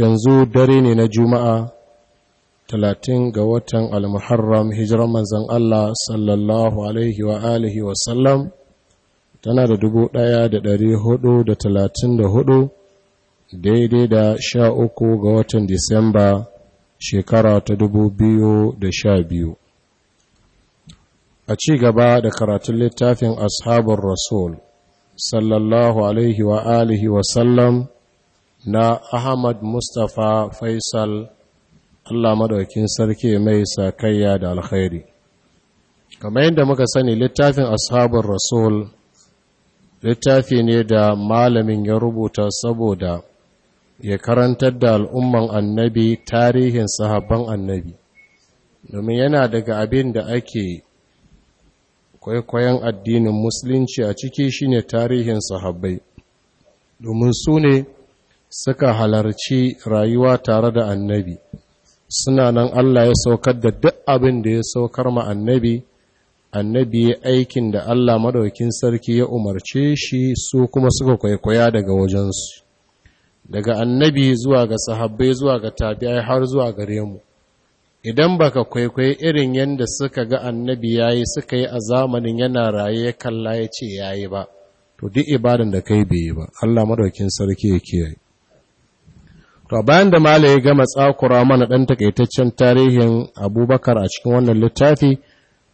yanzu dare ne na juma'a talatin ga watan al-muharram hijiran manzan Allah sallallahu alaihi wa alihi wasallam tana da dubu ɗaya da ɗari hudu da talatin da hudu daidai da sha uku ga watan disamba shekara ta dubu biyu da sha biyu a ci gaba da karatun littafin ashabar rasul sallallahu alaihi wa alihi wasallam na Ahmad Mustapha Faisal Allah madaukin sarki mai sakayya da alkhairi kamar yadda muka sani littafin ashabun rasul littafi ne da malamin ya rubuta saboda ya karantar da al'umman annabi tarihin sahabban annabi domin yana daga abin da ake kwaikwayon addinin musulunci a ciki shine tarihin sahabbai domin su ne suka halarci rayuwa tare da annabi suna nan Allah ya saukar da duk abin da ya saukar ma annabi annabi ya aikin da Allah madaukin sarki ya umarce shi su kuma suka kwaikwaya daga wajensu daga annabi zuwa ga sahabbai zuwa ga tabi'ai har zuwa gare mu idan baka kwaikwaya irin yadda suka ga annabi yayi suka yi a zamanin yana raye kalla ya ce yayi ba to duk ibadan da kai bai yi ba Allah madaukin sarki ya kiyaye to bayan da mala ya gama tsakura mana ɗan takaitaccen tarihin abubakar a cikin wannan littafi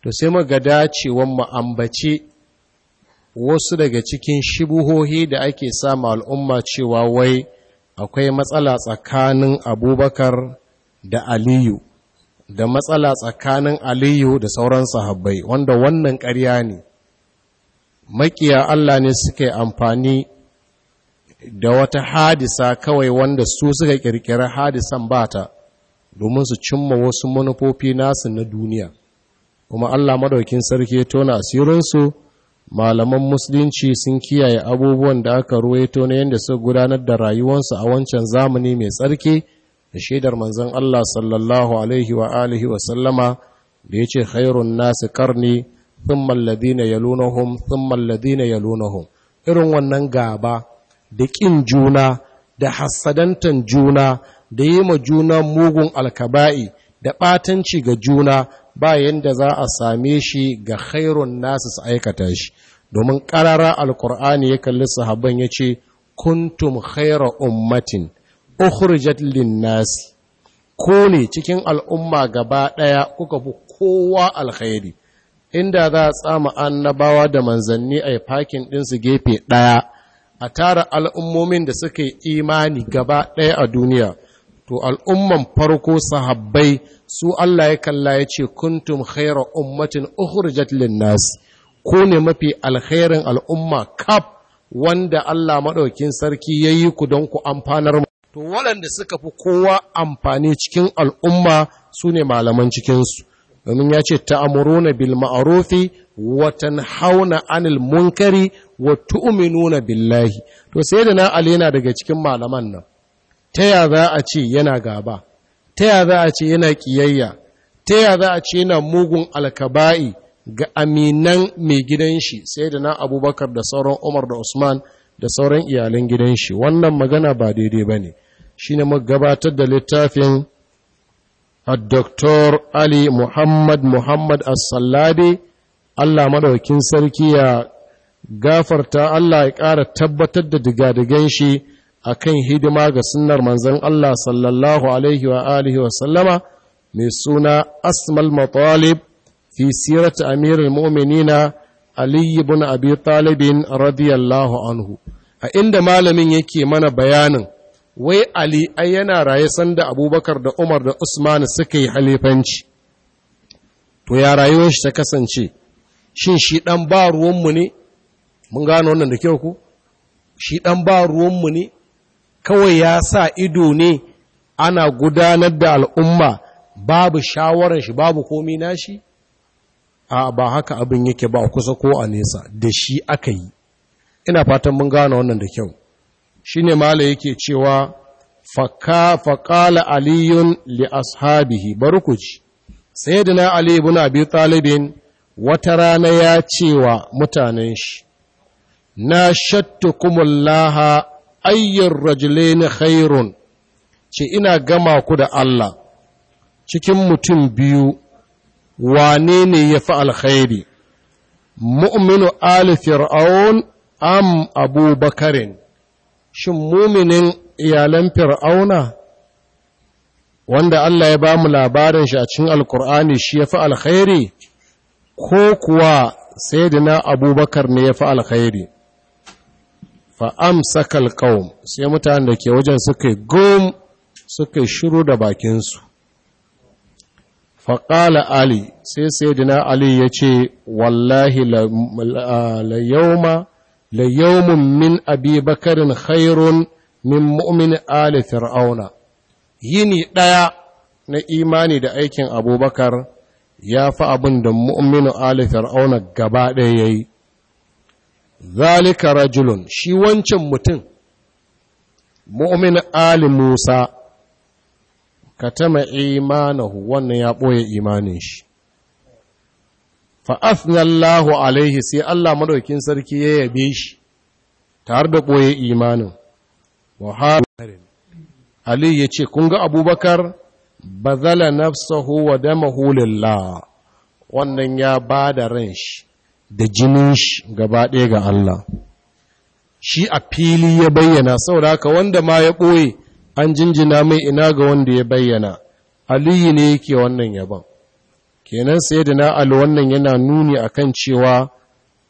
to sai muga dacewan mu wasu daga cikin shibuhohi da ake samu al'umma cewa wai akwai matsala tsakanin abubakar da aliyu da matsala tsakanin aliyu da sauran sahabbai wanda wannan ƙarya ne makiya Allah ne suka yi amfani da wata hadisa kawai wanda su suka kirkira hadisan bata domin su cimma wasu manufofi nasu na duniya kuma Allah madaukin sarki ya tona asirinsu malaman musulunci sun kiyaye abubuwan da aka ruwaito na yadda suka gudanar da rayuwarsu a wancan zamani mai tsarki da shaidar manzon Allah sallallahu alaihi wa alihi wa sallama da yace khairun nasi qarni thumma alladhina yalunahum thumma alladhina yalunahum irin wannan gaba da ƙin juna da hassadantan juna da yi ma juna mugun alkaba'i da ɓatanci ga juna ba yadda za a same shi ga khairun nasu su aikata shi domin ƙarara alkur'ani ya kalli sahabban ya ce kuntum khaira ummatin ukhrijat linnasi ko ne cikin al'umma gaba ɗaya kuka fi kowa alkhairi inda za a tsama annabawa da manzanni a yi fakin ɗinsu gefe ɗaya a tara al'ummomin da suka yi imani gaba ɗaya a duniya to al'umman farko sahabbai su Allah ya kalla ya ce kuntum khaira ummatin jatlin linnas ko ne mafi alkhairin al'umma kaf wanda Allah maɗaukin sarki ya yi ku don ku amfanar to waɗanda suka fi kowa amfani cikin al'umma su ne malaman cikinsu domin ya ce ta'amuruna bil ma'arufi watan hauna anil munkari wa tu'minuna billahi to sai na ali yana daga cikin malaman nan ta ya za a ce yana gaba ta ya za a ce yana kiyayya ta ya za a ce yana mugun alkaba'i ga aminan mai gidan shi sai da na abubakar da sauran umar da usman da sauran iyalan gidan shi wannan magana ba daidai ba bane shine mu gabatar da littafin Ali Muhammad Muhammad as الصلادي Allah maɗaukin sarki ya gafarta Allah ya ƙara tabbatar da digadigan shi a kan hidima ga sunnar manzan Allah sallallahu alaihi wa alihi wa sallama mai suna asmal matalib fi sirata amirin mu'minina Aliyu bin Abi Talibin radiyallahu anhu a inda malamin yake mana bayanin wai Ali ai yana raye sanda Abubakar da Umar da Usman suka yi halifanci to ya rayuwar shi ta kasance shin shi dan ba ruwanmu ne mun gano wannan da kyau ku shi ɗan ba ruwanmu ne kawai ya sa ido ne ana gudanar da al'umma babu shawarar shi babu komi nashi a ba haka abin yake ba kusa ko a nesa da shi aka yi ina fatan mun gano wannan da kyau shi ne mala yake cewa faƙala aliyun li ashabihi bari ku ji sai da na ali ibn biyu talibin wata rana ya cewa mutanen shi na shattukumullaha ayyar rajulaini khairun ce ina gama ku da Allah cikin mutum biyu wane ne ya fi alkhairi mu'minu ali fir'aun am abu shin muminin iyalan fir'auna wanda Allah ya ba mu labarin shi a cikin alkur'ani shi ya fi alkhairi ko kuwa sayyidina abubakar ne ya fi alkhairi fa'amsakal ƙaun sai mutanen da ke wajen suka gom suka shiru da bakinsu faƙala ali sai sai dina ali ya ce wallahi layaumun min abi bakarin khairun min mu'min ali fir'auna yini ɗaya na imani da aikin abubakar ya fi abin da mu'minu ali fir'auna gaba ɗaya ya zalika rajulun shi wancan mutum mu'min ali Musa katama imanahu wannan ya ɓoye imanin shi fa'athnallahu alaihi sai Allah maɗaukin sarki ya yabe shi tare da ɓoye imanin muharin Ali ya ce kun ga abubakar bazala nafsahu wa damahu lillah wannan ya ba da ran shi da jinin shi gaba ɗaya ga Allah shi a fili ya bayyana saboda haka wanda ma ya ɓoye an jinjina mai ina ga wanda ya bayyana aliyu ne yake wannan yaban kenan sai da na wannan yana nuni akan cewa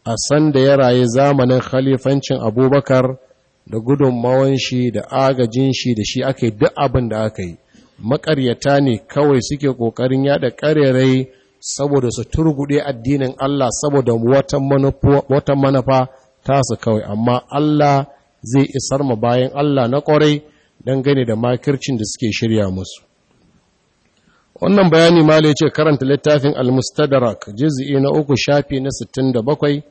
a san da ya raye zamanin khalifancin abubakar da gudunmawan shi da agajin shi da shi aka duk abin da aka yi maƙaryata ne kawai suke ƙoƙarin yada ƙarerai saboda su turgude addinin Allah saboda wata manufa ta su kawai amma Allah zai isar ma bayan Allah na ƙwarai dangane da makircin da suke shirya musu wannan bayani ma ce karanta littafin al-mustadrak na uku shafi na 67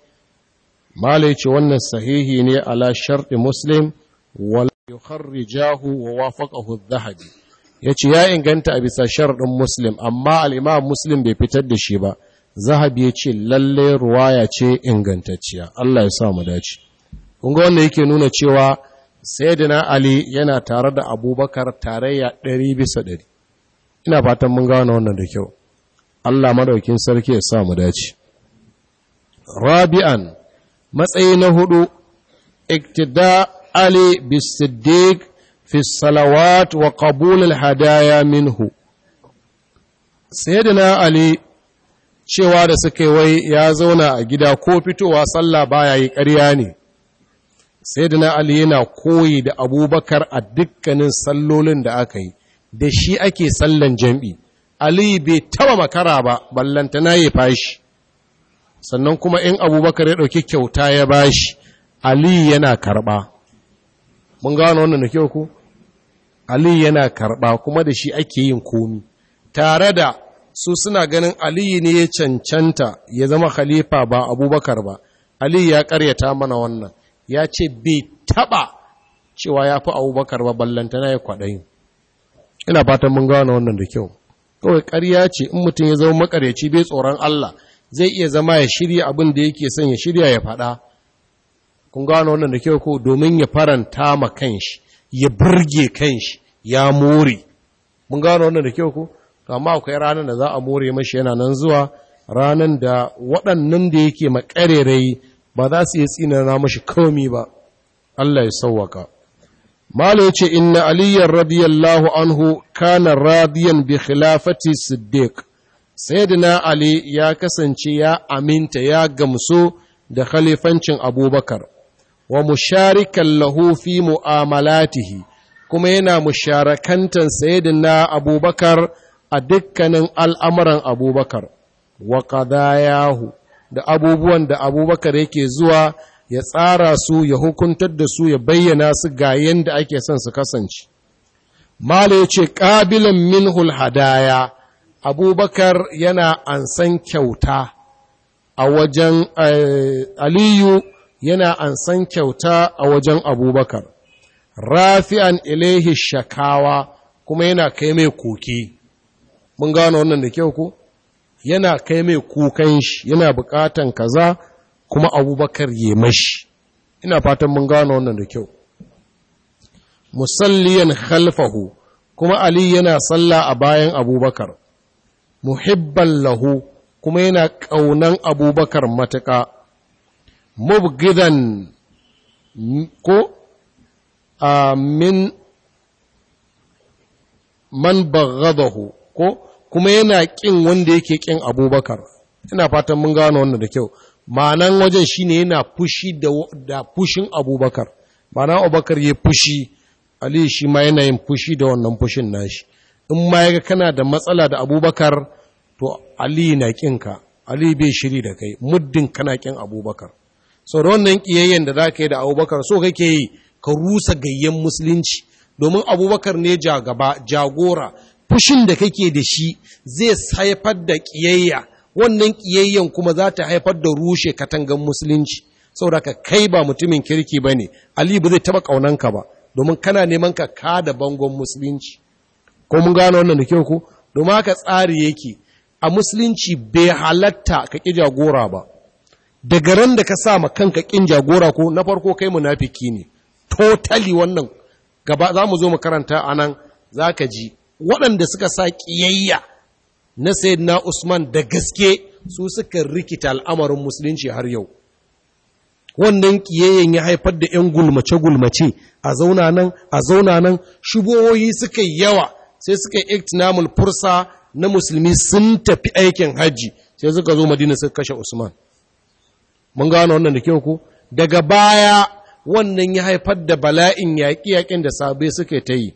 ma ce wannan sahihi ne ala sharɗi muslim wala Rijahu wa wafaqahu adh ya ce ya inganta a bisa sharaɗin muslim amma al'imam muslim bai fitar da shi ba zahabi ya ce lalle ruwaya ce ingantacciya Allah ya sa mu dace kunga wanda yake nuna cewa sayyidina ali yana tare da abubakar tarayya ɗari bisa ɗari ina fatan mun gane wannan da kyau Allah madaukin sarki ya sa mu dace rabi'an matsayi na hudu iktida ali bisiddiq fi salawat wa qabulul hadaya minhu sayyidina ali cewa da suka wai ya zauna a gida ko fitowa sallah baya yi ƙarya ne na ali yana koyi da abubakar a dukkanin sallolin da aka yi da shi ake sallan jam'i ali bai taba makara ba ballanta na ya fashi sannan kuma in abubakar ya ɗauki kyauta ya bashi ali yana karɓa mun gano wannan da kyau ku Ali yana karɓa kuma da shi ake yin komi, tare da su suna ganin Aliyu ne ya cancanta ya zama khalifa ba abubakar ba, Aliyu ya ƙaryata mana wannan, ya ce bai taɓa cewa ya fi abubakar ba ballantana ya kwaɗayin. Ina fatan mun gane wannan da kyau. Kawai ƙarya ce in mutum ya zama makaryaci bai tsoron Allah zai iya zama ya shirya abin da yake son ya shirya ya faɗa. Kun gane wannan da kyau ko domin ya faranta ma kanshi. ya burge kanshi ya more mun gano wannan da kyau ko amma akwai ranar da za a more mashi yana nan zuwa ranan da waɗannan da yake makarerai ba za su yi tsinana mashi komi ba Allah ya sauwaka Mala ya ce, Inna aliyar radiyallahu anhu kana radiyan bi khilafati Siddiq, Sayyidina Ali ya kasance ya aminta ya gamsu da khalifancin Abubakar, wa musharikan lahu fi mu'amalatihi kuma yana musharakantan sayyidina abubakar a dukkanin al'amuran abubakar wa qadayahu da abubuwan da abubakar yake zuwa ya tsara su ya hukuntar da su ya bayyana su ga yadda ake son su kasance mala ya ce ƙabilan minhul hadaya abubakar yana ansan kyauta a wajen eh, aliyu yana ansan kyauta a wajen abubakar rafi'an ilaihi shakawa kuma yana kai mai koki mun gano wannan da kyau ko yana kai mai kukan shi yana bukatan kaza kuma abubakar ya mashi ina fatan mun gano wannan da kyau musalliyan khalfahu kuma ali yana sallah a bayan abubakar muhibban lahu kuma yana ƙaunan abubakar matuƙa mubgidan ko min man baghadahu ko kuma yana ƙin wanda yake ƙin abubakar ina fatan mun gano wannan da kyau ma'anan wajen shine yana fushi da fushin abubakar ma'ana abubakar ya fushi ali shi ma yana yin fushi da wannan fushin nashi in ma yaga kana da matsala da abubakar to ali na ƙinka ali bai shiri da kai muddin kana ƙin abubakar sau da wannan ƙiyayyen da za ka yi da abubakar so kake yi ka rusa gayyen musulunci domin abubakar ne jagaba jagora fushin da kake da shi zai haifar da ƙiyayya wannan ƙiyayyen kuma za ta haifar da rushe katangan musulunci saboda ka kai ba mutumin kirki ba ne ali ba zai taɓa ƙaunanka ba domin kana neman ka ka da bangon musulunci ko mun gano wannan da kyau ko domin haka tsari yake a musulunci bai halatta ka ƙi jagora ba daga ran da ka sa ma kanka kin jagora ko na farko kai munafiki ne totally wannan gaba za mu zo mu karanta anan zaka ji waɗanda suka sa ƙiyayya na sayyidina Usman da gaske su suka rikita al'amarin musulunci har yau wannan ƙiyayyan ya haifar da 'yan gulmace-gulmace a zauna nan a zauna nan shubohoyi suka yawa sai suka yi iktinamul fursa na musulmi sun tafi aikin hajji sai suka zo madina suka kashe usman mun gano wannan da kyau ko daga baya wannan ya haifar da bala'in yaƙi-yaƙin da sabai suka ta yi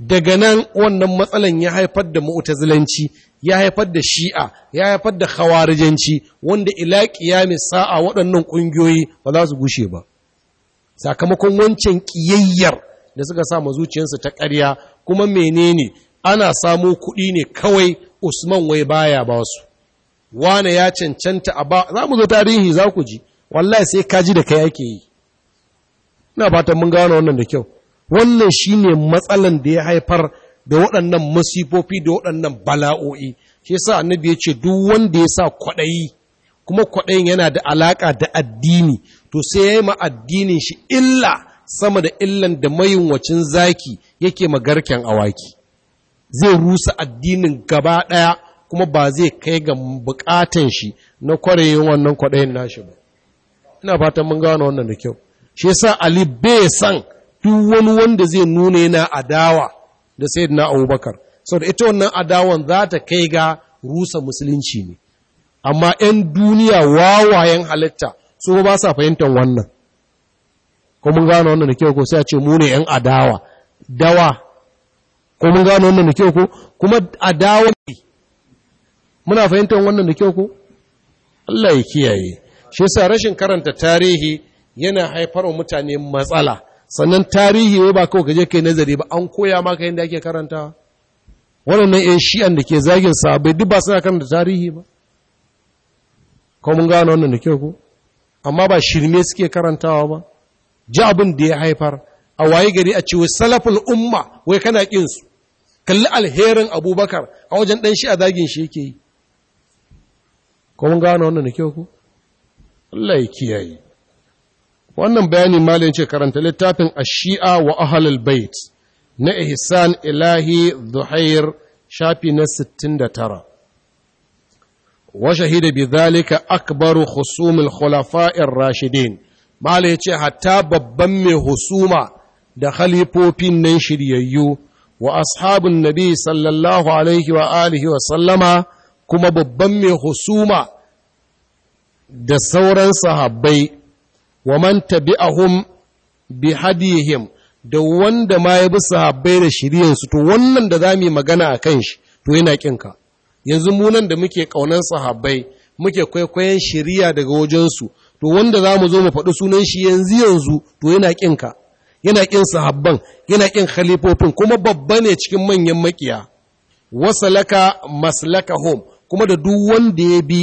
daga nan wannan matsalan ya haifar da mu'tazilanci ya haifar da shi'a ya haifar da khawarijanci wanda ila mai sa'a waɗannan ƙungiyoyi ba za su gushe ba sakamakon wancan ƙiyayyar da suka sa zuciyarsu ta ƙarya kuma menene ana samo kuɗi ne kawai Usman wai baya ba su wane ya cancanta a ba za mu zo tarihi za ku ji wallahi sai ka ji da kai yake yi ina fatan mun gano wannan da kyau wannan shine matsalan da ya haifar da waɗannan masifofi da waɗannan bala'o'i shi yasa annabi ya ce duk wanda ya sa kwaɗayi kuma kwaɗayin yana da alaƙa da addini to sai ya yi ma addinin shi illa sama da illan da mayunwacin zaki yake magarken awaki zai rusa addinin gaba ɗaya kuma ba zai kai ga bukatan shi na yin wannan kwaɗayin nashi ba ina fatan mun gano wannan da kyau shi yasa ali bai san duk wani wanda zai nuna yana adawa da sayyidina abubakar da ita wannan adawan za ta kai ga rusa musulunci ne amma 'yan duniya wawayen halitta su ba sa fahimtar wannan ko mun gano wannan da kyau ko sai a ce mu ne 'yan adawa dawa ko mun gano wannan da kyau ko kuma adawa ne muna fahimtar wannan da kyau ko Allah ya kiyaye shi yasa rashin karanta tarihi yana haifar wa mutane matsala sannan tarihi wai ba kawai kaje kai nazari ba an koya maka yadda ake karanta wannan yan shi'an da ke zagin sahabbai duk ba suna karanta tarihi ba ko mun gano wannan da kyau ko amma ba shirme suke karantawa ba ji abin da ya haifar a waye gari a ce salaful umma wai kana kin su kalli alherin abubakar a wajen dan shi a zagin shi yake yi ko mun gano wannan da kyau ku Allah ya kiyaye wannan bayani malai ce karanta littafin ashia wa ahlul bait na ihsan ilahi zuhair shafi na 69 وشهد بذلك أكبر خصوم الخلفاء الراشدين ce hatta babban mai husuma da khalifofin nan shiryayyu wa ashabun nabi sallallahu alaihi wa alihi wa sallama kuma babban mai husuma da sauran sahabbai wa man tabi'ahum bi hadihim da wanda ma ya bi sahabbai da su to wannan da za magana a kan shi to yana ƙinka yanzu mu nan da muke ƙaunar sahabbai muke kwaikwayon shiriya daga wajensu to wanda za zo mu faɗi sunan shi yanzu yanzu to yana ƙinka yana kin sahabban yana kin khalifofin kuma babba ne cikin manyan makiya wasalaka maslaka kuma da duk wanda ya bi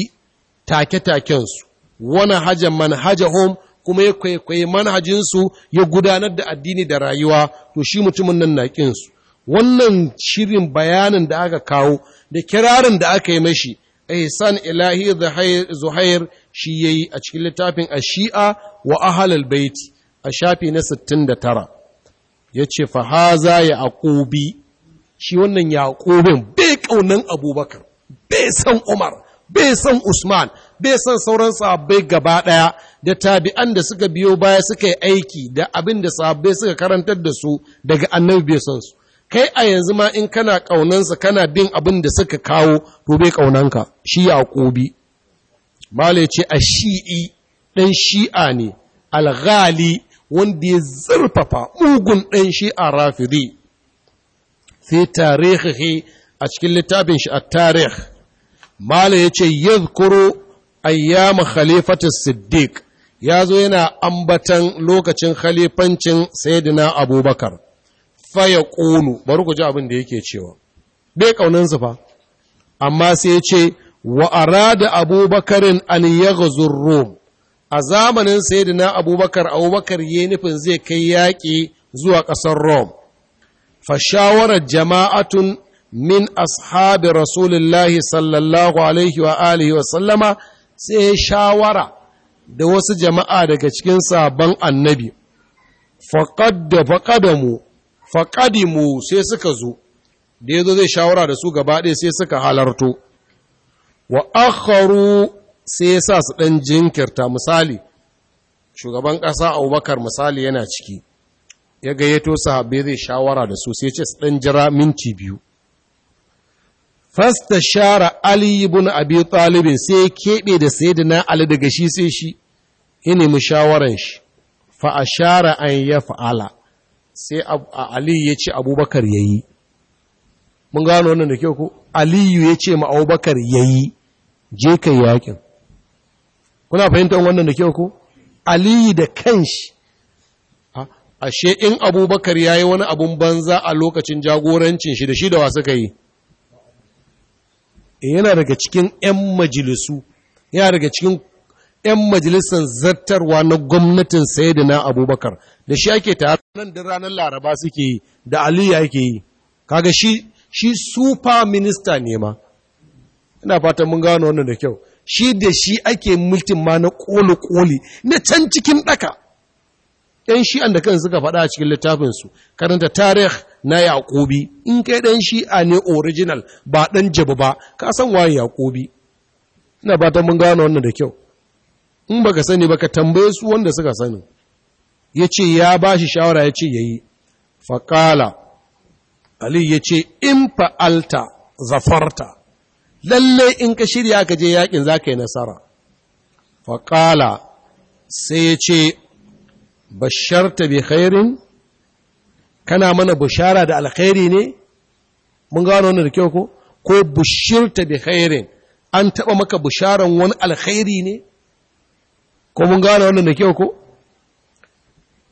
take-takensu wani manhaja manhajahum kuma ya kwaikwayi manhajinsu ya gudanar da addini da rayuwa to shi mutumin nan na ƙinsu wannan shirin bayanin da aka kawo da kirarin da aka yi mashi ehsan ilahi zuhair shi ya yi a cikin littafin shi'a wa ahalal baiti a shafi na 69 ya ce fahaza ya aƙobi shi wannan ya yaƙobin bai ƙaunan abubakar bai san umar bai san Usman, bai san sauran sahabbai gaba ɗaya da tabi'an da suka biyo baya suka yi aiki da abin da sahabbai suka karantar da su daga annabi bai san su. Kai a yanzu ma in kana ƙaunansa kana bin abin da suka kawo to bai ƙaunanka shi Yaƙobi, Bale ce a shi'i ɗan shi'a ne, alghali wanda ya zurfafa mugun ɗan shi'a rafiri. Sai tarihi a cikin littafin shi a tarihi mala ya ce yadhkuru ayyama khalifatu siddiq ya zo yana ambatan lokacin khalifancin sayyidina abubakar Faya ƙonu, bari ku ji abin da yake cewa bai ƙaunin fa amma sai ce wa arada abubakarin an yaghzur rum a zamanin sayyidina abubakar abubakar yi nufin zai kai yaƙi zuwa ƙasar rom fa shawarar jama'atun min ashabi rasulullahi sallallahu alaihi wa alihi wa sallama sai shawara da wasu jama'a daga cikin sabon annabi faƙadda faƙadamu faƙadimu sai suka zo da yazo zai shawara da su gaba ɗaya sai suka halarto wa akharu sai ya sa su ɗan jinkirta misali shugaban ƙasa abubakar misali yana ciki ya gayyato sahabbai zai shawara da su sai ce su ɗan jira minti biyu fasta shara Ali ibn Abi Talib sai keɓe da sayyidina Ali daga shi sai shi ya nemi shawaran shi fa ashara an ya fa'ala sai Ali ya ce Abubakar yayi mun gano wannan da kyau ko Aliyu ya ce ma Abubakar yayi je kai yakin kuna fahimtar wannan da kyau ko Aliyu da kanshi ashe in Abubakar yayi wani abun banza a lokacin jagorancin shi da shi da wa suka yi yana daga cikin 'yan majalisu yana daga cikin 'yan majalisar zartarwa na gwamnatin sayyidina na abubakar da shi ake ta nan da ranar laraba suke yi da aliyu ake yi kaga shi shi super minister ne ma ina fatan mun gano wannan da kyau shi da shi ake mulkin ma na koli-koli na can cikin ɗaka ‘yan shi'an da kan suka faɗa a cikin littafinsu karanta tarih na yaƙobi in kai ɗan shi'a ne original ba ɗan jabu ba ka san waye yaƙobi ina ba ta mun gano wannan da kyau in ba ka sani ba ka tambaye su wanda suka sani ya ce ya ba shi shawara ya ce ya yi faƙala ali ya ce in fa'alta zafarta lalle in ka shirya ka je yaƙin za ka yi nasara faƙala sai ya ce bashar ta bi khairin kana mana bushara da alkhairi ne mun gano wannan da kyau ko ko bushirta bi khairin an taba maka busharan wani alkhairi ne ko mun gano wannan da kyau ko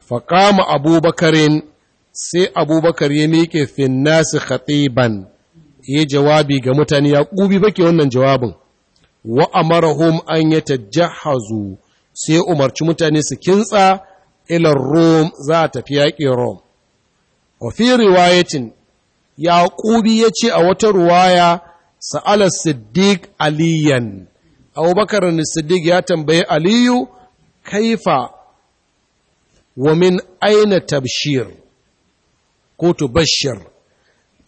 faqama abubakarin sai abubakar ya miƙe finnasi khatiban ya jawabi ga mutane ya kubi bake wannan jawabin wa amarahum an yatajahazu sai umarci mutane su kintsa ila rom za ta fi yaƙi rom wa fi riwayatin yaqubi yace a wata ruwaya sa'ala siddiq aliyan abubakar siddiq ya tambayi aliyu kaifa wa min aina tabshir kotu bashir.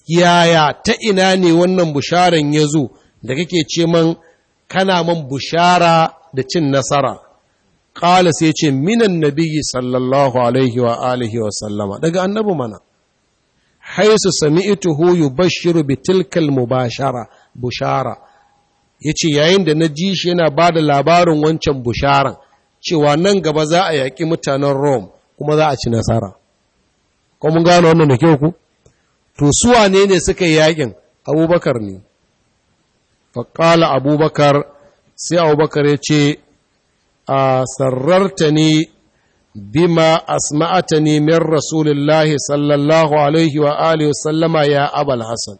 yaya ta ina ne wannan busharan ya zo da kake ce man kana man bushara da cin nasara ƙala sai ce minan nabiyyi sallallahu alaihi wa alihi wa sallama daga annabi mana haisu sami'tuhu yubashshiru bitilkal mubashara bushara yace yayin da na ji shi yana ba da labarin wancan busharan cewa nan gaba za a yaƙi mutanen Rome kuma za a ci nasara ko mun gano wannan da kyau ku to su wane ne suka yi yaƙin Abubakar ne faƙala Abubakar sai Abubakar ya ce a sararta ne bima asma'atani min rasulillahi sallallahu alaihi wa alihi wa sallama ya abal hasan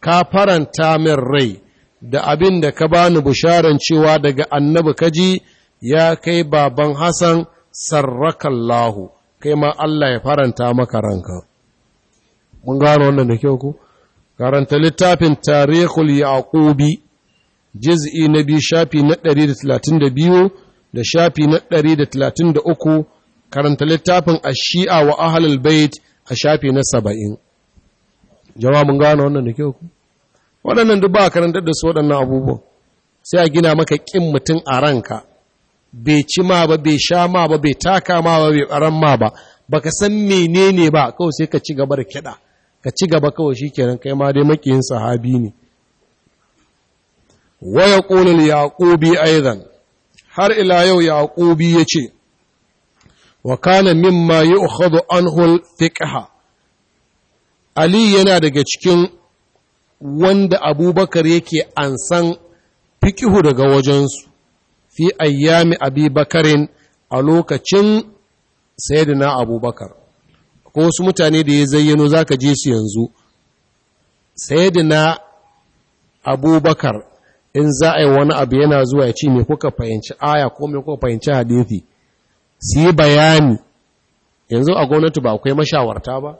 ka faranta min rai da abin da ka bani bisharan cewa daga annabi kaji ya kai baban hasan sarrakallahu kai ma Allah ya faranta maka ranka mun gano wannan da kyau ku karanta littafin tarihul yaqubi juz'i na biyu shafi na 132 da shafi na 133 karanta littafin a Shia wa ahlul bait a shafi na saba'in jama'a mun gano wannan da kyau ku waɗannan duk ba karanta da su waɗannan abubuwan sai a gina maka ƙin mutum a ranka bai ci ma ba bai sha ma ba bai taka ma ba bai ɓaran ma ba baka san menene ba kawai sai ka ci gaba da kiɗa ka ci gaba kawai shikenan kai ma dai makiyin sahabi ne Waya yaqulu al-yaqubi har ila yau yaqubi yace wa مما يؤخذ عنه الفقه علي ينا yana daga cikin wanda abubakar yake ansan fiqhu daga wajensu fi ayyami abi a lokacin sayyidina abubakar ko wasu mutane da ya zayyano zaka je su yanzu sayyidina abubakar in za a yi wani abu yana zuwa ya ce me kuka fahimci aya ko me kuka fahimci hadithi su yi bayani yanzu a gwamnati ba akwai mashawarta ba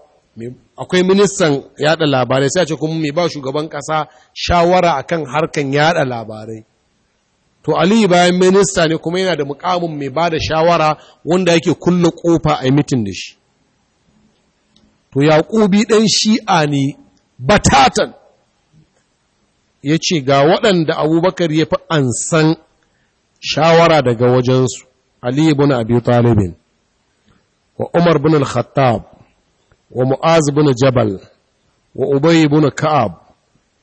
akwai ministan yada labarai sai a ce kuma mai ba shugaban kasa shawara a kan harkan yada labarai to aliyu bayan minista ne kuma yana da mukamin mai ba da shawara wanda yake kulle kofa a mitin da shi to yaƙubi ɗan shi'a ne batatan ya ce ga waɗanda abubakar ya fi ansan shawara daga wajensu Ali ibn Abi Talib wa Umar ibn al wa Mu'azi ibn Jabal wa Ubay ibn Ka'ab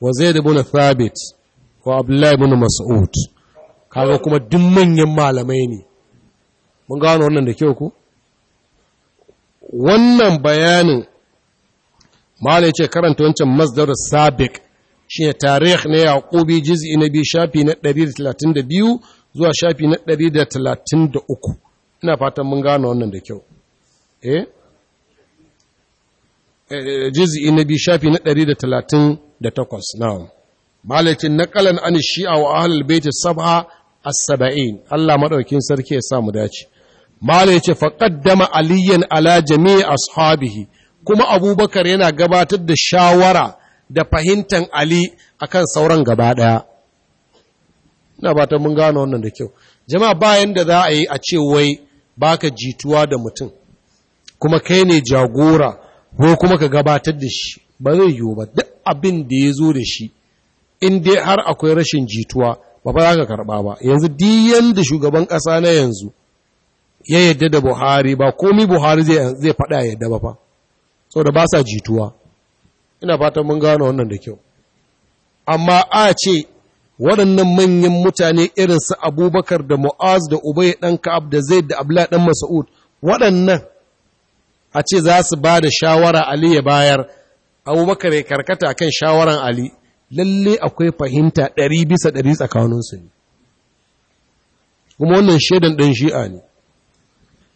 wa Zaid ibn Thabit wa Abdullah ibn Mas'ud kaga kuma duk manyan malamai ne mun gano wannan da kyau ko wannan bayanin malai ce karanta wancan masdar sabiq shine tarikh na yaqubi juz'i na biyu shafi na 132 zuwa shafi na 133 ina fatan mun gano wannan da kyau eh, eh juz'i na biyu shafi na 138 na'am malikin naqalan an shi'a wa ahlul bait sab'a as-sab'in Allah madaukin sarki ya samu dace malike yace faqaddama aliyan ala jami'i ashabihi kuma abubakar yana gabatar da shawara da fahimtan ali akan sauran gaba daya ina ba mun gano wannan da kyau jama'a bayan da za a yi a ce wai baka jituwa da mutum kuma kai ne jagora ko kuma ka gabatar da shi ba zai yiwu ba duk abin da ya zo da shi in dai har akwai rashin jituwa ba ba za ka karɓa ba yanzu diyan da shugaban ƙasa na yanzu ya yadda da buhari ba komi buhari zai faɗa yadda ba fa sau da ba sa jituwa ina fatan mun gano wannan da kyau amma a ce waɗannan manyan mutane irin su abubakar da mu'az da ubai ɗan ka'ab da zaid da abla ɗan mas'ud waɗannan a ce za su ba da shawara ali ya bayar abubakar ya karkata kan shawaran ali lalle akwai fahimta ɗari bisa ɗari tsakaninsu ne kuma wannan shaidan ɗan shi'a ne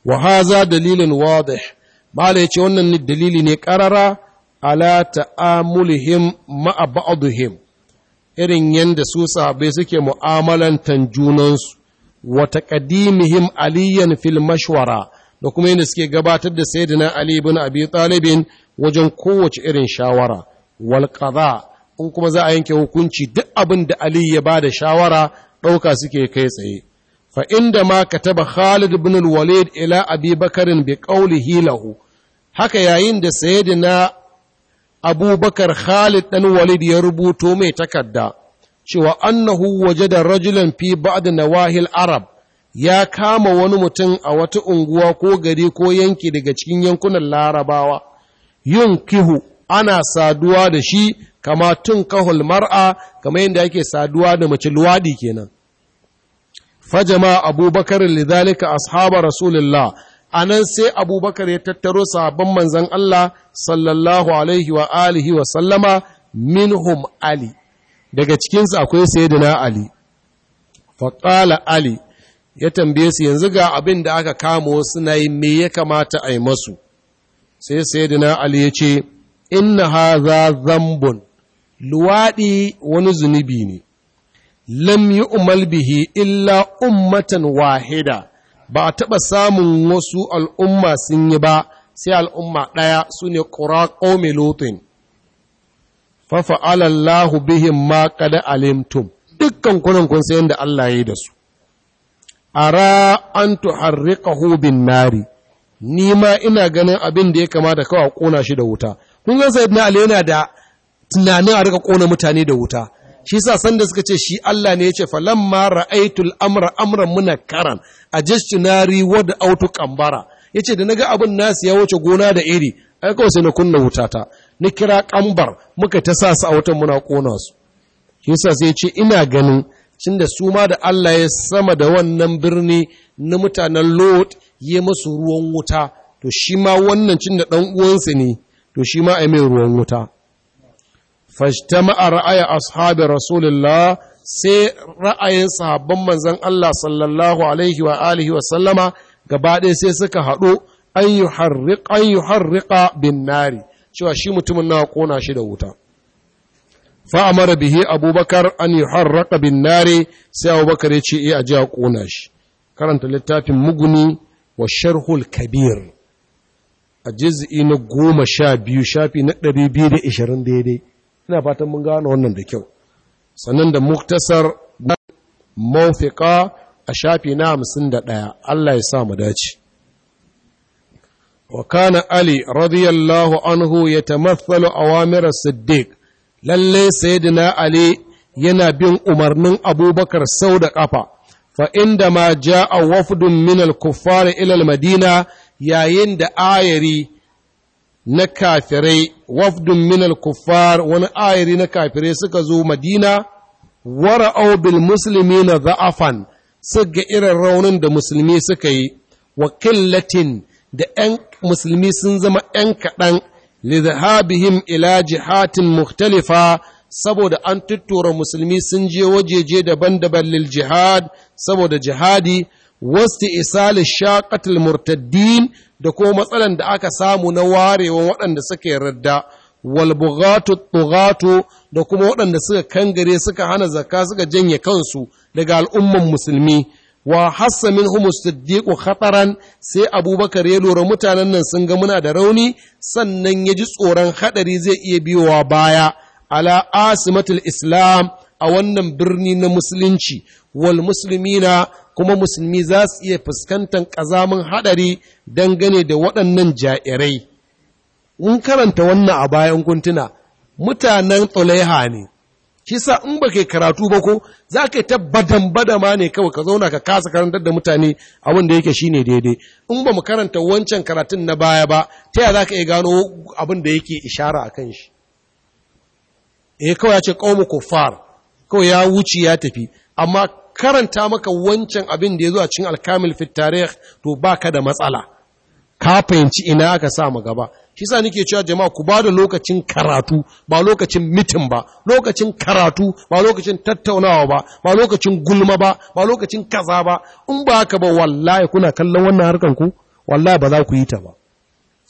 wa haza dalilin wadih ya ce wannan dalili ne ƙarara ala ta'amulihim ma'a ba'aduhim irin yadda su sahabai suke mu'amalantan junansu wata ƙadimihim aliyan fil mashwara da kuma yadda suke gabatar da sayyidina ali bin abi talibin wajen kowace irin shawara wal in kuma za a yanke hukunci duk abin da ali ya ba da shawara ɗauka suke kai tsaye fa inda ma ka taba Khalid Bin walid ila Abi bakarin bi qawlihi lahu haka yayin da sayyidina abubakar khalid ɗan walid ya rubuto mai takarda cewa annahu waje da rajulan fi na nawahil arab ya kama wani mutum a wata unguwa ko gari ko yanki daga cikin yankunan larabawa yin kihu ana saduwa da shi kama tun kahul mar'a kama yadda ake saduwa da mace luwadi kenan fajama abubakar lidhalika Ashabar rasulullah a nan sai abubakar ya tattaro sabon manzan Allah sallallahu alaihi wa alihi wa sallama minhum Ali daga cikinsu akwai da na Ali faƙala Ali ya tambaye su yanzu ga abin da aka kamo suna yi me ya kamata a yi masu sai da na Ali ya ce inna haza zambun luwaɗi wani zunubi ne lam yi bihi illa ummatan wahida ba a taɓa samun wasu al'umma sun yi ba sai al'umma ɗaya su ne ƙoraƙo lotin alallahu bihin ma ƙada alimtum dukkan kunan kun sayan da Allah ya yi da su ara an tuharriqahu bin nari ni ma ina ganin abin da ya kamata kawai a kona shi da wuta kun ga ali yana da tunanin a rika kona mutane da wuta shi sa sanda suka ce shi Allah ne ya ce mara ra'aitul amra amran na ajishnari da autu kambara Ya ce da naga abin nasu ya wuce gona da iri ai kawai sai na kunna wuta ta. na kira kambar muka ta sa su a wutan muna kona su shi sa sai ce ina ganin cin da su ma da Allah ya sama da wannan birni na mutanen Lot ya masu ruwan wuta to shi ma wannan cin da dan uwansa ne to shi ma ai mai ruwan wuta fashtama'a ra'ayi ashabi rasulullah sai ra'ayin sahabban manzon Allah sallallahu alaihi wa wa sallama gaba ɗaya sai suka haɗu an yuharriq an yuharriqa bin nari cewa shi mutumin na kona shi da wuta fa amara bihi abubakar an yuharraqa bin nari sai abubakar ya ce eh aje a kona shi karanta littafin muguni wa sharhul kabir a juz'i na goma sha biyu shafi na ɗari biyu da ishirin daidai ina fatan mun gano wannan da kyau sannan da muktasar mafiƙa a shafi na hamsin da ɗaya Allah ya sa mu dace wa kana ali radiyallahu anhu ya a awamir siddiq lallai sayidina ali yana bin umarnin abubakar sau da ƙafa fa inda ma ja a wafudun minal kuffar ilal madina yayin da ayari na kafirai wafdun minal kuffar wani ayari na kafirai suka zo madina wara bil musulmi na za'afan suka irin raunin da musulmi suka yi wa killatin da ‘yan musulmi sun zama ‘yan kaɗan lidhahabihim ila jihatin muhtalifa saboda an tuttura musulmi sun je wajeje daban-daban lil jihad saboda jihadi wasu isali shaƙatul murtaddin da kuma matsalan da aka samu na warewa waɗanda suka yarda walbugatu tugatu da kuma waɗanda suka kangare suka hana zakka suka janye kansu daga al'umman musulmi wa hassa min humus siddiqu khataran sai abubakar ya lura mutanen nan sun ga muna da rauni sannan ya ji tsoron hadari zai iya biyowa baya ala asimatul islam a wannan birni na musulunci wal muslimina kuma musulmi za su iya fuskantar ƙazamin haɗari dangane da waɗannan ja'irai. Mun karanta wannan a bayan kuntuna, mutanen tsulaiha ne, kisa in ba ke karatu ba ko za ka ta badan badama ne kawai ka zauna ka kasa karantar da mutane abin da yake shine daidai. In ba mu karanta wancan karatun na baya ba, ta yaya za ka iya gano abin da yake ishara a kan shi. Eh kawai ya ce ƙaumu kuffar, kawai ya wuce ya tafi, amma karanta maka wancan abin da ya zo a cikin alkamil fit tarih to baka da matsala ka fahimci ina aka sa mu gaba shi sa nake cewa jama'a ku ba da lokacin karatu ba lokacin mitin ba lokacin karatu ba lokacin tattaunawa ba ba lokacin gulma ba ba lokacin kaza ba in ba haka ba wallahi kuna kallon wannan harkan ku wallahi ba za ku yi ta ba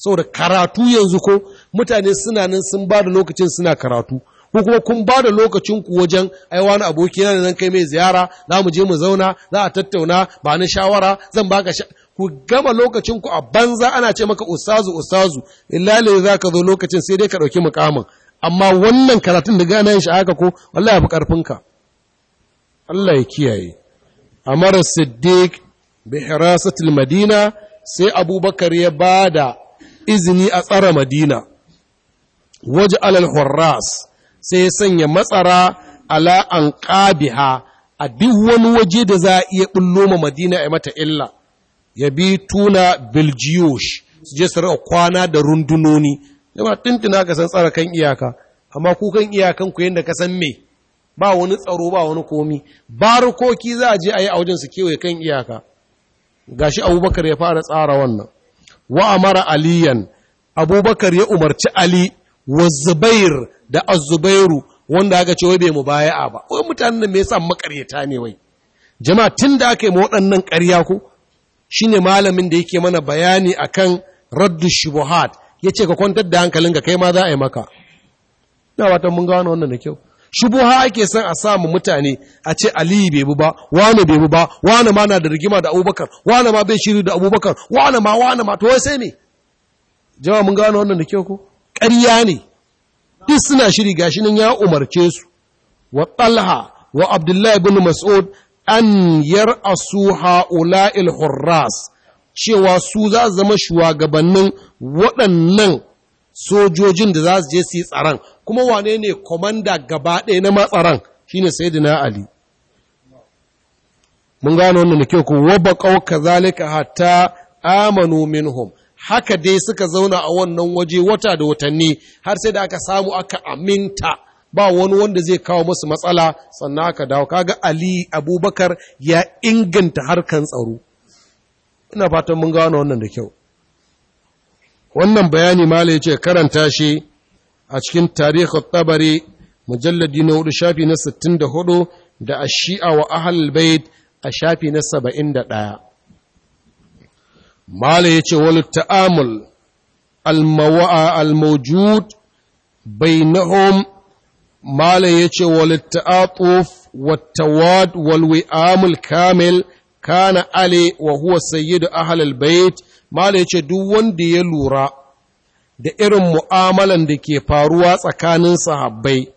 saboda karatu yanzu ko mutane suna nan sun ba da lokacin suna karatu ko kuma kun ba da lokacin ku wajen ai wani aboki na zan kai mai ziyara za mu je mu zauna za a tattauna ba ni shawara zan baka ku gama lokacinku a banza ana ce maka ustazu ustazu illale za ka zo lokacin sai dai ka ɗauki mukamin amma wannan karatun da gana yin shi haka ko wallahi ya fi ƙarfinka Allah ya kiyaye amara siddiq bi hirasatil madina sai abubakar ya ba da izini a tsara madina waje alal hurras sai sanya matsara ala an ƙabiha a duk wani waje da za a iya ɓullo ma madina a mata illa ya bi tuna belgiyosh su je kwana da rundunoni yaba tuntuna ka san tsara kan iyaka amma ku kan iyakan ku yadda ka san me ba wani tsaro ba wani komi barukoki za a je a yi a wajen su kewaye kan iyaka gashi abubakar ya fara tsara wannan wa amara aliyan abubakar ya umarci ali wa da azubairu wanda aka ce wai bai mu baya ba wai mutanen me yasa makaryata ne wai jama'a tun da aka yi waɗannan ƙarya ko shine malamin da yake mana bayani akan raddu shubuhat yace ka kwantar da hankalin ka kai ma za a yi maka ina wata mun gano wannan da kyau shubuha ake son a samu mutane a ce aliyu bai bu ba wani bai bu ba wani ma na da rigima da abubakar wani ma bai shiri da abubakar wani ma wani ma to wai sai me jama'a mun gano wannan da kyau ko ƙarya ne duk suna shiri gashi nan ya umarce su wa ƙalha wa abdullahi bin mas'ud an yar'asu il hurras cewa su za su zama shugabannin waɗannan sojojin da za su je su yi tsaron kuma wane ne komanda gaba ɗaya na matsaran shine saidina ali mun gano wannan da kyau ku waba ƙauka kazalika hatta amanu minhum haka dai suka zauna a wannan waje wata da watanni har sai da aka samu aka aminta ba wani wanda zai kawo masu matsala sannan aka dawo kaga Ali Abubakar ya inganta harkar tsaro ina fatan mun gano wannan da kyau wannan bayani mala ce karanta shi a cikin tarihi tabari mujalladi na hudu shafi na 64 da ashi'a wa ahlul bait a shafi na 71 Mala ya ce, wani ta'amul, almawa'a almawjud bainahum Mala ya ce, wani ta'atuf, wattawad, amul, kamil, kana ali, wa huwa sayyidu ahlal bait Mala ya ce, duk wanda ya lura da irin mu'amalan da ke faruwa tsakanin sahabbai,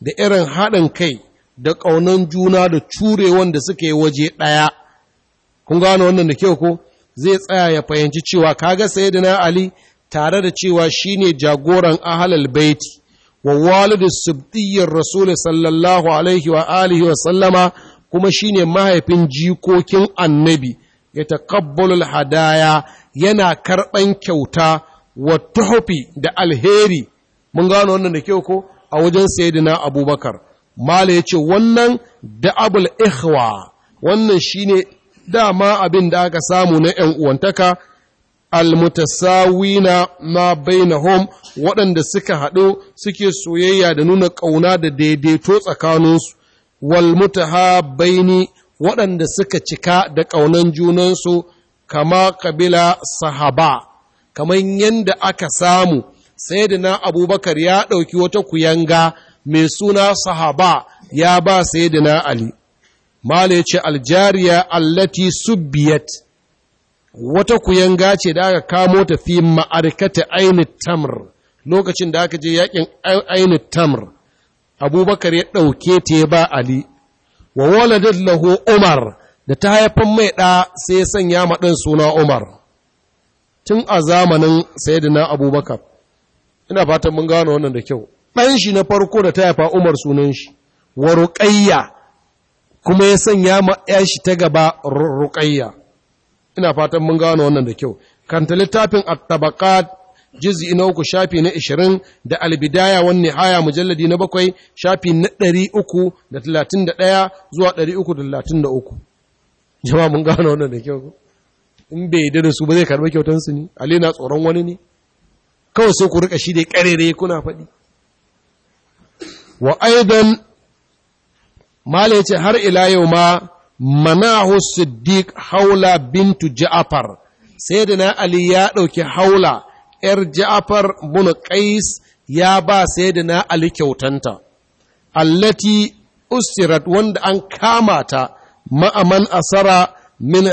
da irin haɗin kai, da ƙaunan juna da cure wanda suke waje ɗaya, kun gano wannan da kyau ko? zai tsaya ya fahimci cewa kaga sayyidina ali tare da cewa shine jagoran ahlul baiti wa walidu subtiyyar rasul sallallahu alaihi wa alihi wa sallama kuma shine mahaifin jikokin annabi ya taqabbalul hadaya yana karban kyauta wa tuhfi da alheri mun gano wannan da kyau ko a wajen sayyidina abubakar mala yace wannan da abul ikhwa wannan shine dama abin da aka samu na ‘yan uwantaka, almutasawina ma hom waɗanda suka haɗu suke soyayya da nuna ƙauna da daidaito tsakaninsu, ha-baini waɗanda suka cika da ƙaunan junansu kama kabila sahaba, kamar yadda aka samu, sai da na abubakar ya ɗauki wata kuyanga mai suna sahaba ya ba sai da na Ali. malam ya ce aljariya allati subbiyat wata kuyanga ce da aka kamo ta fi ma'arkata aini tamr lokacin da aka je yakin aini tamr abubakar ya ɗauke ta ba ali wa waladin laho umar da ta haifan mai ɗa sai sanya maɗin suna umar tun a zamanin sayyidina abubakar ina fatan mun gano wannan da kyau ɗan shi na farko da ta haifa umar sunan shi wa ruƙayya kuma ya sanya ma shi ta gaba ruqayya ina fatan mun gano wannan da kyau kanta littafin at-tabaqat juz'i na uku shafi na 20 da al-bidaya wan nihaya mujalladi na bakwai shafi na 331 zuwa 333 jama'a mun gano wannan da kyau in bai yarda da su ba zai karɓi kyautar su ne Ali na tsoron wani ne kawai sai ku rika shi dai karere kuna faɗi wa aidan Malai ce har ila yau ma manahu siddiq haula bintu Ja'afar, sai da na ali ya ɗauki haula yar ja'far bin qais ya ba sai da na ali kyautanta allati usirat wanda an kama ta ma'aman asara min,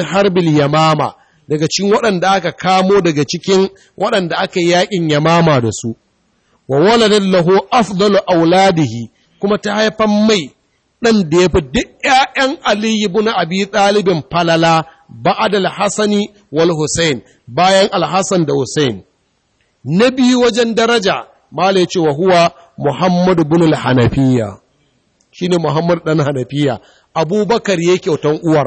uh, harbil yamama daga cikin waɗanda aka kamo daga cikin waɗanda aka yaƙin yamama da su wa waladin lahu afdalu auladihi kuma ta haifan mai ɗan da ya fi duk ‘ya'yan Aliyu na Abi ɗalibin falala ba'ad al-Hassani wal Hussein bayan al-Hassan da Hussein. Na biyu wajen daraja, Mala ce wa huwa Muhammadu bin al-Hanafiya, shi ne Muhammadu ɗan Hanafiya, Abubakar ya kyautan uwar.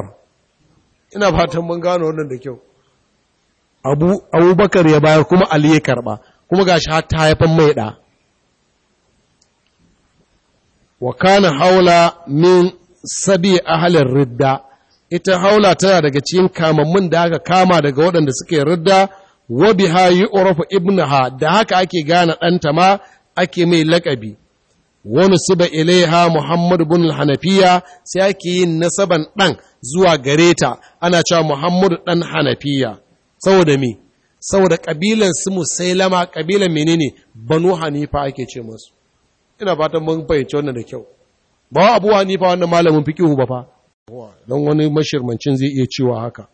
Ina fatan mun gano wannan da kyau. Abubakar ya bayar kuma Ali ya karɓa, kuma gashi shi ta haifan mai ɗa. wa haula min sabi ahalin ridda ita haula tana daga cikin kamammun da aka kama daga waɗanda suke ridda wa biha yu'rafu ibnaha da haka ake gane ɗanta ma ake mai laƙabi wani suba ilaiha Muhammadu bin Hanafiya sai ake yin nasaban ɗan zuwa gare ta ana cewa Muhammadu ɗan Hanafiya saboda me saboda ƙabilan su musailama ƙabilan menene Banu Hanifa ake ce masu ina fatan mun fahimci wannan da kyau ba abuwa ni fa wannan malamin fiqihu ba fa don wani mashirmancin zai iya cewa haka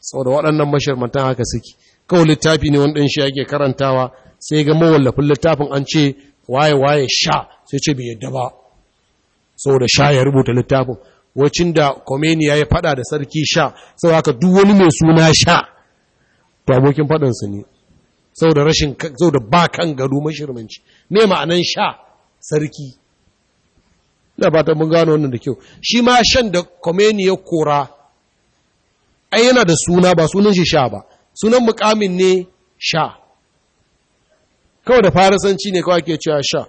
saboda waɗannan mashirmantan haka suke kawai littafi ne wani ɗan shi yake karantawa sai ga mawallafin littafin an ce waye waye sha sai ce bai yadda ba saboda sha ya rubuta littafin wacin da komeni ya yi fada da sarki sha sau haka duk wani mai suna sha to abokin faɗansu ne saboda rashin saboda ba kan gado mashirmanci ne ma'anan sha sarki ina ba ta mun gano wannan da kyau shi ma shan da komeni ya kora ai yana da suna ba sunan shi sha ba sunan mukamin ne sha kawai da farisanci ne kawai ke cewa sha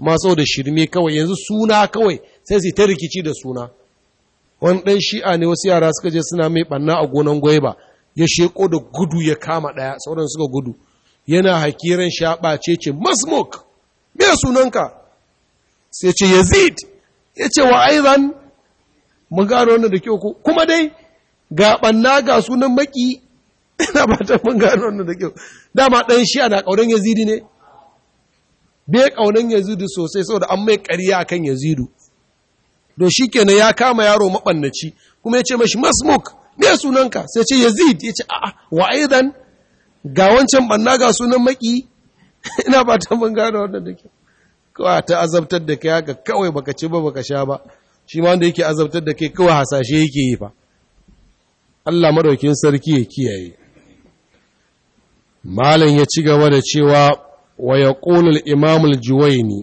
amma saboda shirme kawai yanzu suna kawai sai su ta rikici da suna wani ɗan shi'a ne wasu yara suka je suna mai banna a gonan gwaiba ya sheko da gudu ya kama ɗaya sauran suka gudu yana hakiran shaɓace ce masmuk me sunanka sai ce yazid ya ce wa aizan mun gano wannan da kyau ko kuma dai ga ɓanna ga sunan maki ina ba ta mun gano wannan da kyau dama ɗan shi ana ƙaunar yazidi ne bai ƙaunar yazidi sosai saboda an mai ƙarya akan yazidu don shi kenan ya kama yaro maɓannaci kuma ya ce mashi masmuk me sunanka sai ce yazid ya ce a'a wa aizan ga wancan banna ga sunan maki ina ba ta mun gane wannan da ke kawai ta azabtar da kai haka kawai baka ci ba baka sha ba shi ma wanda yake azabtar da kai kawai hasashe yake yi fa Allah madaukin sarki ya kiyaye malam ya ci gaba da cewa wa yaqulu al-imam al-juwayni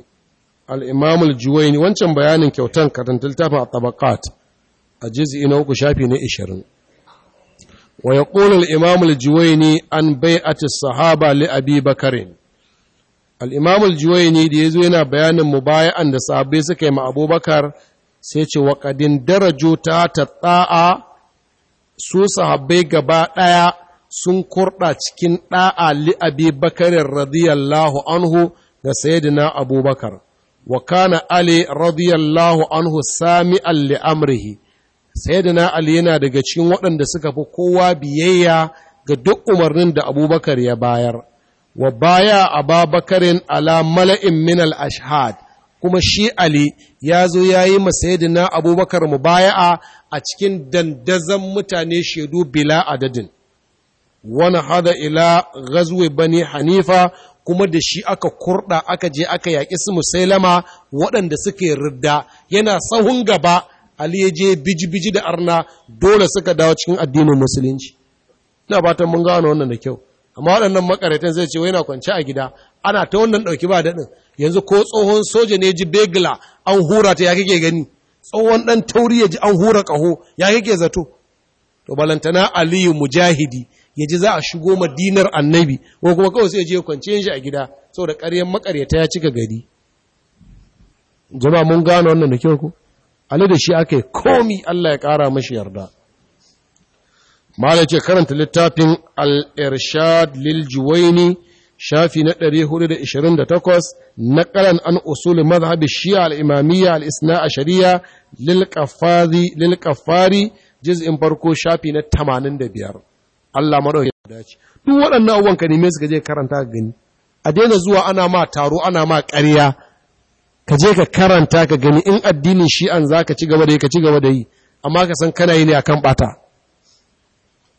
al-imam al-juwayni wancan bayanin kyautan karantar tafa tabaqat a juz'i na uku shafi na 20 wa ya ƙola al'imamul juwaini an bai'ati sahaba li abi bakarin al'imamul juwaini da ya zo yana bayanin mu bayan da sahabbai suka yi ma abubakar sai ce wa ƙadin ta ta ɗa'a su sahabbai gaba ɗaya sun kurɗa cikin ɗa'a li abi radiyallahu anhu da sayyidina abubakar wa ali radiyallahu anhu sami'an li amrihi sayyidina ali yana daga cikin waɗanda suka fi kowa biyayya ga duk umarnin da abubakar ya bayar wa baya ababakarin ala mala'in min al-ashhad kuma shi ali ya zo ya yi masayidina abubakar mu baya a cikin dandazan mutane shaidu bila adadin wani hada ila ghazwe bane hanifa kuma da shi aka kurɗa aka je aka yaƙi su musailama waɗanda suke ridda yana sahun gaba ali ya je biji-biji da arna dole suka dawo cikin addinin musulunci ina fatan mun gano wannan da kyau amma waɗannan makaratan zai ce wai na kwance a gida ana ta wannan ɗauki ba daɗin yanzu ko tsohon soja ne ji begila an hura ta ya kike gani tsohon ɗan tauri ya ji an hura kaho ya kake zato to balantana aliyu mujahidi ya ji za a shigo madinar annabi ko kuma kawai sai ya je kwance shi a gida saboda ƙaryan makaryata ya cika gari jama'a mun gano wannan da kyau ko ali da shi aka yi komi Allah ya ƙara mashi yarda mala ce karanta littafin Al’irshad lil juwaini shafi na 428 na karan an usul mazhabi shi'a al-imamiyya al'isna isna ashariya lil qafazi lil qafari farko shafi na 85 Allah ya dace duk waɗannan abubuwan ka neme suka je karanta gani a daina zuwa ana ma taro ana ma ƙarya ka je ka karanta ka gani in addinin shi'an za ka ci gaba da yi ka ci gaba da yi amma ka san kana yi ne kan bata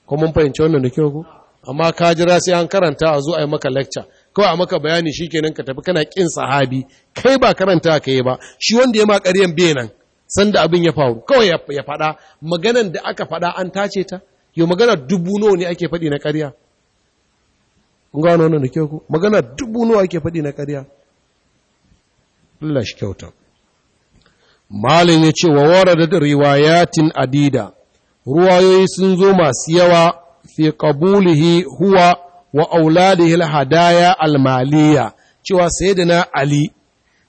ko mun fahimci wannan da kyau ku amma ka jira sai an karanta a zo a yi maka lecture kawai a maka bayani shi kenan ka tafi kana kin sahabi kai ba karanta ka yi ba shi wanda ya ma ƙaryan bai nan sanda abin ya faru kawai ya faɗa maganan da aka faɗa an tace ta yau magana dubu nawa ne ake faɗi na ƙarya kun gano wannan da kyau ku magana dubu nawa ake faɗi na ƙarya Allah kyauta malin ya ce wa warada riwayatin adida ruwayoyi sun zo masu yawa fi qabulihi huwa wa auladihi hadaya almaliya cewa na ali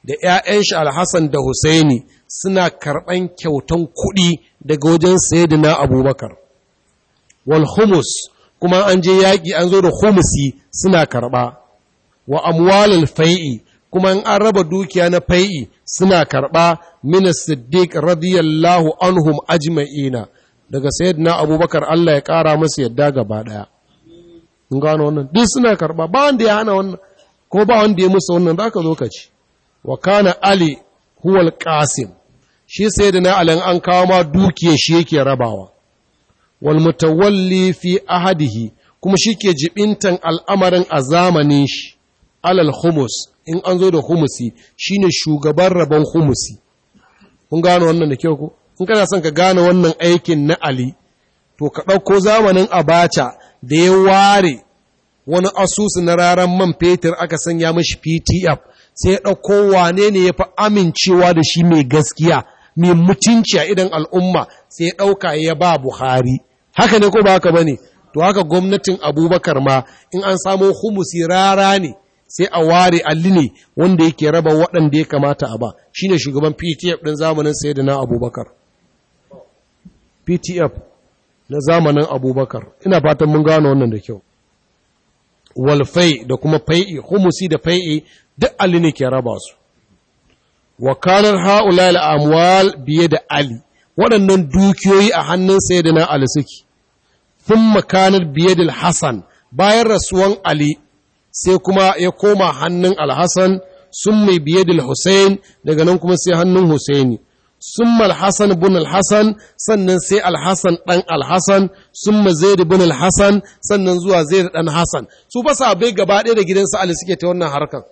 da ‘ya'yan shi alhassan da Hussaini suna karɓan kyautan kuɗi daga wajen na abubakar. Walhumus kuma an je yaƙi an zo da humusi suna karɓa, wa amwalil fai'i kuma in an raba dukiya na fai'i suna karɓa mina siddiq radiyallahu anhum ajma'ina daga sayyidina abubakar Allah ya ƙara masa yadda gaba ɗaya in gano wannan duk suna karɓa ba wanda ya hana wannan ko ba wanda ya musu wannan za ka zo ka ci wa kana ali huwal qasim shi sayyidina ali an kawo ma dukiya shi yake rabawa wal mutawalli fi ahadihi kuma shi ke jibintan al'amarin a zamanin shi alal khumus, in an zo da humusi shine shugaban rabon humusi kun gano wannan da kyau ko in kana son ka gane wannan aikin na ali to ka ɗauko zamanin abacha da ya ware wani asusu na raran man fetur aka sanya mashi ptf sai ya ɗauko wane ne ya fi amincewa da shi mai gaskiya mai mutunci a idan al'umma sai ya ɗauka ya ba buhari haka ne ko ba haka ba ne to haka gwamnatin abubakar ma in an samo humusi rara ne sai a ware alli ne wanda yake raba waɗanda ya kamata a ba shine shugaban PTF ɗin zamanin na Abubakar PTF na zamanin Abubakar ina fatan mun gano wannan da kyau walfai da kuma fai'i humusi da fai'i duk alli ke raba su wakanar ha'ula al'amwal biye da ali waɗannan dukiyoyi a hannun sayyidina ali suke Fun makanar biye da hassan bayan rasuwan ali sai kuma ya koma hannun alhassan sun mai biye da hussein daga nan kuma sai hannun husaini sun alhassan bin alhassan sannan sai alhassan ɗan alhassan sun zai da bin alhassan sannan zuwa zai da ɗan hassan su ba sa bai gaba ɗaya da gidansa ali suke ta wannan harkar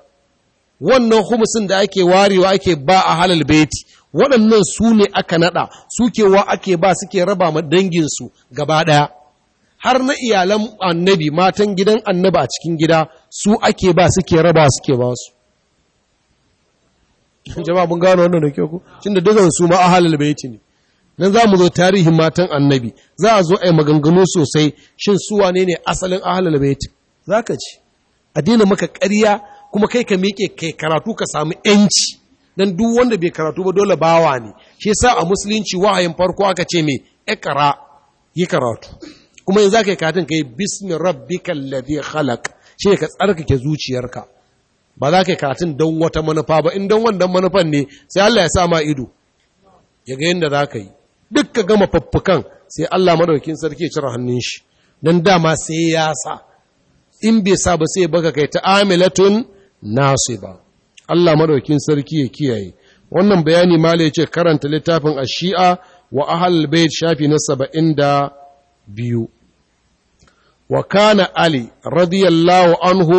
wannan humusin da ake warewa ake ba a halal beti waɗannan su ne aka naɗa sukewa ake ba suke raba ma danginsu gaba ɗaya har na iyalan annabi matan gidan annabi a cikin gida su ake ba suke raba suke ba su jama'a mun gano wannan da kyau ku da dukkan su ma bai baiti ne nan za mu zo tarihin matan annabi za a zo a yi maganganu sosai shin su wane ne asalin ahalul baiti ka ci a daina maka ƙarya kuma kai ka miƙe kai karatu ka samu yanci dan duk wanda bai karatu ba dole bawa ne shi sa a musulunci wahayin farko aka ce me kara yi karatu kuma yanzu ka yi ka kai bismi rabbi ladhi khalaq shi ka tsarkake zuciyarka ba za ka yi karatun don wata manufa ba in don wannan manufan ne sai Allah ya sa ma ido ya ga yadda za ka yi duk ka gama faffukan sai Allah madaukin sarki ya cire hannun shi don dama sai ya sa in bai sa ba sai baka kai ta amilatun ba. Allah madaukin sarki ya kiyaye wannan bayani mala ya ce karanta littafin ashi'a wa ahal bait shafi na saba'in da biyu wa kana ali radiyallahu anhu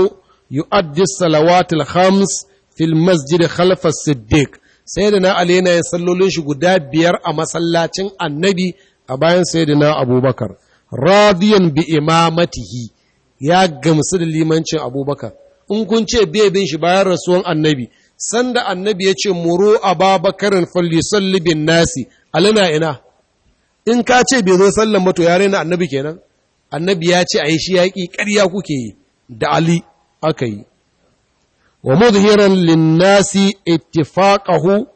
yu'addi salawatul khams fil masjid khalf as-siddiq na ali yana yin sallolin shi guda biyar a masallacin annabi a bayan sayyidina abubakar radiyan bi imamatihi ya gamsu da limancin abubakar in kun ce bai bin shi bayan rasuwan annabi sanda annabi ya ce muru ababakarin fallisalli bin nasi alina ina in ka ce bai zo sallan mato ya raina annabi kenan annabi ya ce a yi shi yaƙi ƙarya kuke da ali aka yi wa muzhiran linnasi ittifaqahu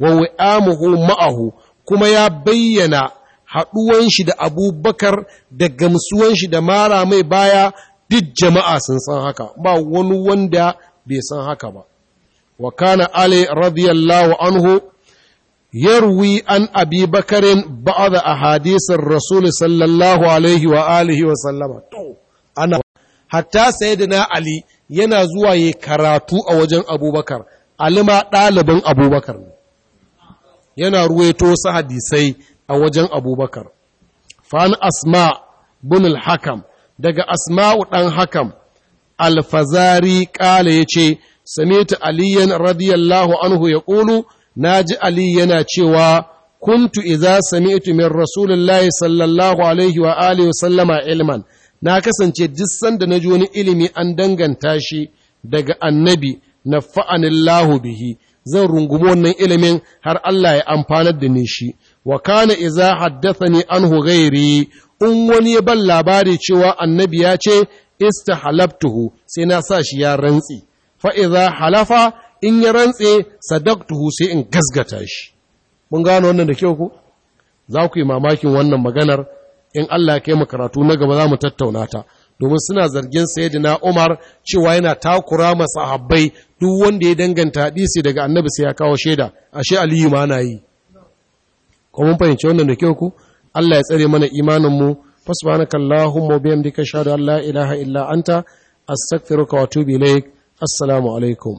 wa wi'amuhu ma'ahu kuma ya bayyana haɗuwan shi da abubakar da gamsuwan shi da mara mai baya duk jama'a sun san haka ba wani wanda bai san haka ba wa kana ali radiyallahu anhu yarwi an abi bakarin a ahadisin rasul sallallahu alaihi wa wa sallama to ana ali yana zuwa karatu a wajen abubakar alima ɗaliban abubakar ne yana ruwaito su hadisai a wajen abubakar fa'an asma bin hakam daga asma'u ɗan hakam alfazari ƙala ya ce sami ta aliyan radiyallahu anhu ya ƙulu na ji Ali yana cewa, Kuntu iza sami'tu min Rasulullahi sallallahu alaihi wa alihi wa sallama ilman, na kasance duk sanda na ji wani ilimi an danganta shi daga annabi na fa'anillahu bihi, zan rungumi wannan ilimin har Allah ya amfanar da ni shi. Wa kana iza haddathani anhu ghairi in wani ya ban labari cewa annabi ya ce, Istahalabtuhu sai na sa shi ya rantsi. fa'iza halafa in ya rantse sadaqtuhu sai in gasgata shi mun gano wannan da kyau ko za ku yi mamakin wannan maganar in Allah ya kai mu karatu na gaba za mu tattauna ta domin suna zargin na Umar cewa yana takura ma sahabbai duk wanda ya danganta hadisi daga annabi sai ya kawo shaida ashe Aliyu ma na yi ko mun fahimci wannan da kyau ko Allah ya tsare mana imanin mu فسبحانك bihamdika وبحمدك an la ilaha illa anta astaghfiruka wa atubu ilaik assalamu alaikum